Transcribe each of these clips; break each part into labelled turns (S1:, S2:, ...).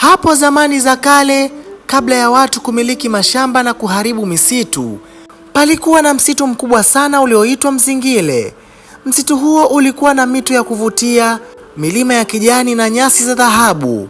S1: Hapo zamani za kale, kabla ya watu kumiliki mashamba na kuharibu misitu, palikuwa na msitu mkubwa sana ulioitwa Msingile. Msitu huo ulikuwa na mito ya kuvutia, milima ya kijani na nyasi za dhahabu.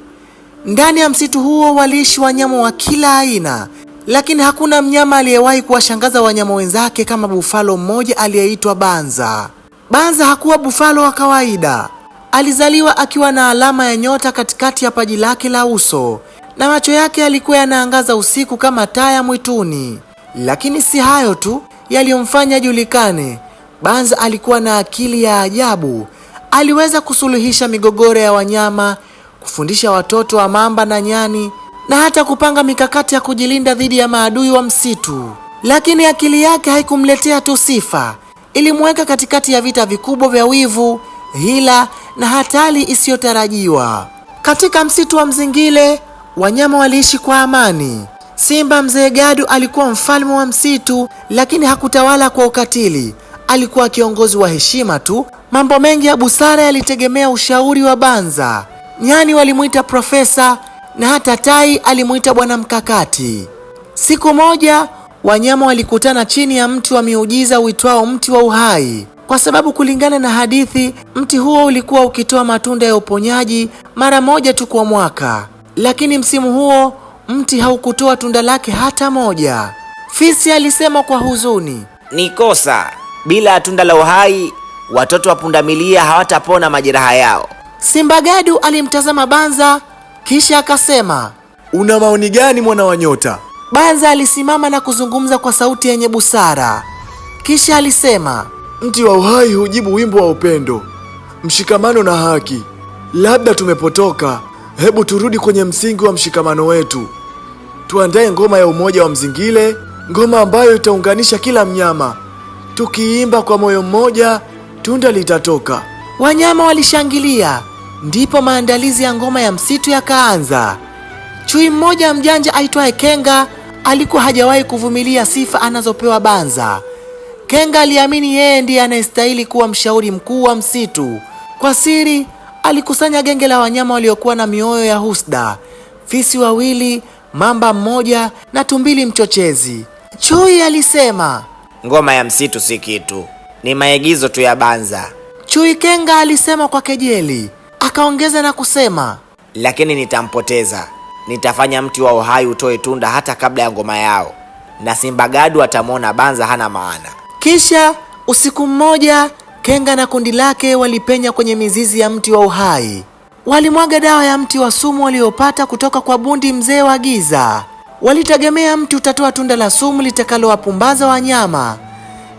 S1: Ndani ya msitu huo waliishi wanyama wa kila aina, lakini hakuna mnyama aliyewahi kuwashangaza wanyama wenzake kama bufalo mmoja aliyeitwa Banza. Banza hakuwa bufalo wa kawaida. Alizaliwa akiwa na alama ya nyota katikati ya paji lake la uso na macho yake yalikuwa yanaangaza usiku kama taa ya mwituni. Lakini si hayo tu yaliyomfanya julikane Banza alikuwa na akili ya ajabu. Aliweza kusuluhisha migogoro ya wanyama, kufundisha watoto wa mamba na nyani, na hata kupanga mikakati ya kujilinda dhidi ya maadui wa msitu. Lakini akili yake haikumletea tu sifa, ilimweka katikati ya vita vikubwa vya wivu, hila na hatari isiyotarajiwa. Katika msitu wa Mzingile wanyama waliishi kwa amani. Simba mzee Gadu alikuwa mfalme wa msitu, lakini hakutawala kwa ukatili. Alikuwa kiongozi wa heshima tu. Mambo mengi ya busara yalitegemea ushauri wa Banza. Nyani walimwita profesa na hata tai alimwita bwana mkakati. Siku moja wanyama walikutana chini ya mti wa miujiza uitwao mti wa uhai kwa sababu kulingana na hadithi, mti huo ulikuwa ukitoa matunda ya uponyaji mara moja tu kwa mwaka, lakini msimu huo mti haukutoa tunda lake hata moja. Fisi alisema kwa huzuni,
S2: ni kosa. Bila ya tunda la uhai, watoto wa pundamilia hawatapona majeraha yao.
S1: Simbagadu alimtazama Banza kisha akasema,
S3: una maoni gani mwana wa nyota?
S1: Banza alisimama na kuzungumza kwa sauti yenye busara, kisha alisema
S3: Mti wa uhai hujibu wimbo wa upendo, mshikamano na haki. Labda tumepotoka. Hebu turudi kwenye msingi wa mshikamano wetu. Tuandae ngoma ya umoja wa Mzingile, ngoma ambayo itaunganisha kila mnyama. Tukiimba kwa moyo mmoja, tunda litatoka.
S1: Wanyama walishangilia, ndipo maandalizi ya ngoma ya msitu yakaanza. Chui mmoja mjanja aitwaye Kenga alikuwa hajawahi kuvumilia sifa anazopewa Banza. Kenga aliamini yeye ndiye anayestahili kuwa mshauri mkuu wa msitu. Kwa siri, alikusanya genge la wanyama waliokuwa na mioyo ya husda: fisi wawili, mamba mmoja na tumbili mchochezi. Chui alisema,
S2: ngoma ya msitu si kitu, ni maigizo tu ya banza.
S1: Chui Kenga alisema kwa kejeli, akaongeza na kusema,
S2: lakini nitampoteza, nitafanya mti wa uhai utoe tunda hata kabla ya ngoma yao, na Simba Gadu atamwona banza hana maana.
S1: Kisha usiku mmoja, Kenga na kundi lake walipenya kwenye mizizi ya mti wa uhai. Walimwaga dawa ya mti wa sumu waliopata kutoka kwa bundi mzee wa giza. Walitegemea mti utatoa tunda la sumu litakalowapumbaza wanyama,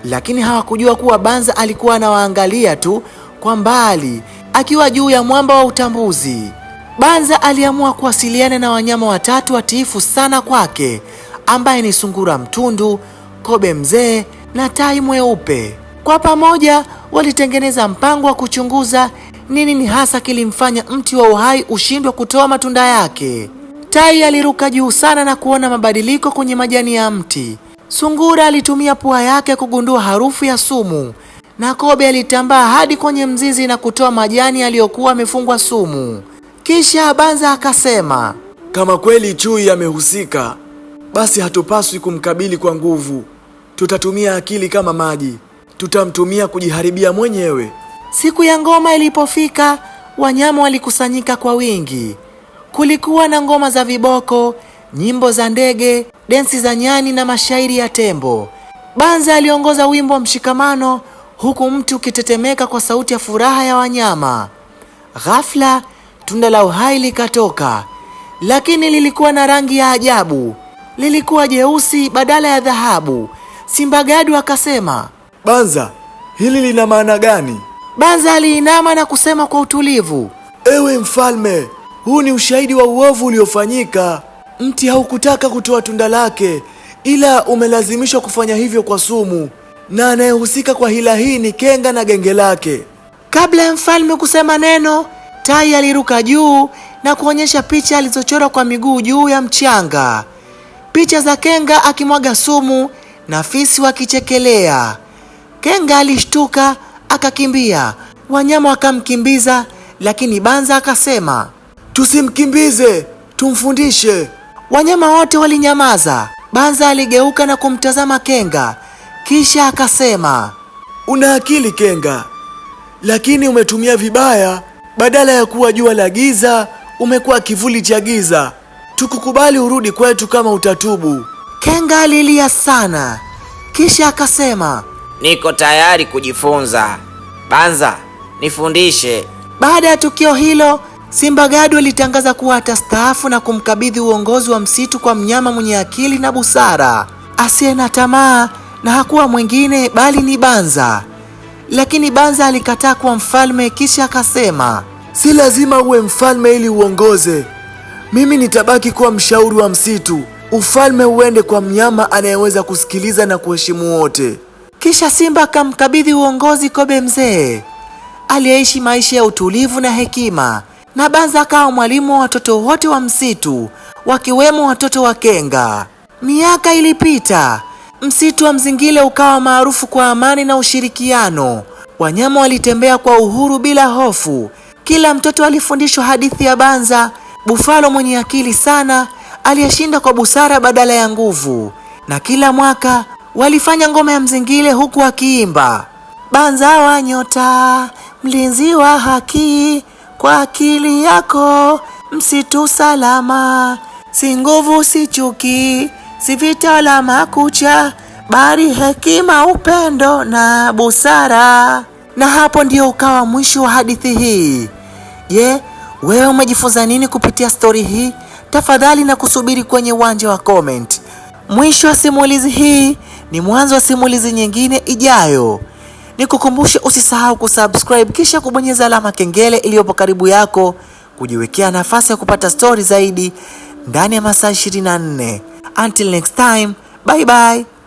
S1: lakini hawakujua kuwa Banza alikuwa anawaangalia tu kwa mbali akiwa juu ya mwamba wa utambuzi. Banza aliamua kuwasiliana na wanyama watatu watiifu sana kwake, ambaye ni sungura mtundu kobe mzee na tai mweupe. Kwa pamoja walitengeneza mpango wa kuchunguza nini ni hasa kilimfanya mti wa uhai ushindwe kutoa matunda yake. Tai aliruka juu sana na kuona mabadiliko kwenye majani ya mti. Sungura alitumia pua yake kugundua harufu ya sumu, na kobe alitambaa hadi kwenye mzizi na kutoa majani yaliyokuwa amefungwa sumu. Kisha Banza akasema,
S3: kama kweli chui amehusika, basi hatupaswi kumkabili kwa nguvu. Tutatumia akili kama maji, tutamtumia kujiharibia mwenyewe.
S1: Siku ya ngoma ilipofika, wanyama walikusanyika kwa wingi. Kulikuwa na ngoma za viboko, nyimbo za ndege, densi za nyani na mashairi ya tembo. Banza aliongoza wimbo wa mshikamano, huku mti ukitetemeka kwa sauti ya furaha ya wanyama. Ghafla tunda la uhai likatoka, lakini lilikuwa na rangi ya ajabu lilikuwa jeusi badala ya dhahabu. Simba Gadu akasema,
S3: Banza, hili lina maana gani?
S1: Banza aliinama na kusema kwa utulivu,
S3: ewe mfalme, huu ni ushahidi wa uovu uliofanyika. Mti haukutaka kutoa tunda lake, ila umelazimishwa kufanya hivyo kwa sumu, na anayehusika kwa hila hii ni Kenga na genge lake.
S1: Kabla ya mfalme kusema neno, tai aliruka juu na kuonyesha picha alizochora kwa miguu juu ya mchanga picha za Kenga akimwaga sumu na fisi wakichekelea. Kenga alishtuka akakimbia, wanyama wakamkimbiza, lakini Banza akasema
S3: tusimkimbize, tumfundishe.
S1: Wanyama wote walinyamaza. Banza aligeuka na kumtazama Kenga, kisha akasema,
S3: una akili Kenga, lakini umetumia vibaya. Badala ya kuwa jua la giza, umekuwa kivuli cha giza tukukubali urudi kwetu kama utatubu.
S1: Kenga alilia sana, kisha akasema,
S2: niko tayari kujifunza. Banza, nifundishe.
S1: Baada ya tukio hilo, Simba Gadu alitangaza kuwa atastaafu na kumkabidhi uongozi wa msitu kwa mnyama mwenye akili na busara asiye na tamaa, na hakuwa mwingine bali ni Banza. Lakini Banza alikataa kuwa mfalme, kisha akasema,
S3: si lazima uwe mfalme ili uongoze. Mimi nitabaki kuwa mshauri wa msitu, ufalme uende kwa mnyama anayeweza kusikiliza na kuheshimu wote.
S1: Kisha simba akamkabidhi uongozi kobe mzee aliyeishi maisha ya utulivu na hekima, na Banza akawa mwalimu wa watoto wote wa msitu, wakiwemo watoto wa Kenga. Miaka ilipita, msitu wa Mzingile ukawa maarufu kwa amani na ushirikiano. Wanyama walitembea kwa uhuru bila hofu. Kila mtoto alifundishwa hadithi ya Banza Bufalo mwenye akili sana aliyeshinda kwa busara badala ya nguvu, na kila mwaka walifanya ngoma ya mzingile huku wakiimba banza wa nyota, mlinzi wa haki, kwa akili yako msitu salama, si nguvu, si chuki, si vita wala makucha, bali hekima, upendo na busara. Na hapo ndio ukawa mwisho wa hadithi hii. Je, wewe umejifunza nini kupitia stori hii? Tafadhali na kusubiri kwenye uwanja wa comment. Mwisho wa simulizi hii ni mwanzo wa simulizi nyingine ijayo. Nikukumbushe, usisahau kusubscribe kisha kubonyeza alama kengele iliyopo karibu yako, kujiwekea nafasi ya kupata stori zaidi ndani ya masaa 24. Until next time, bye bye.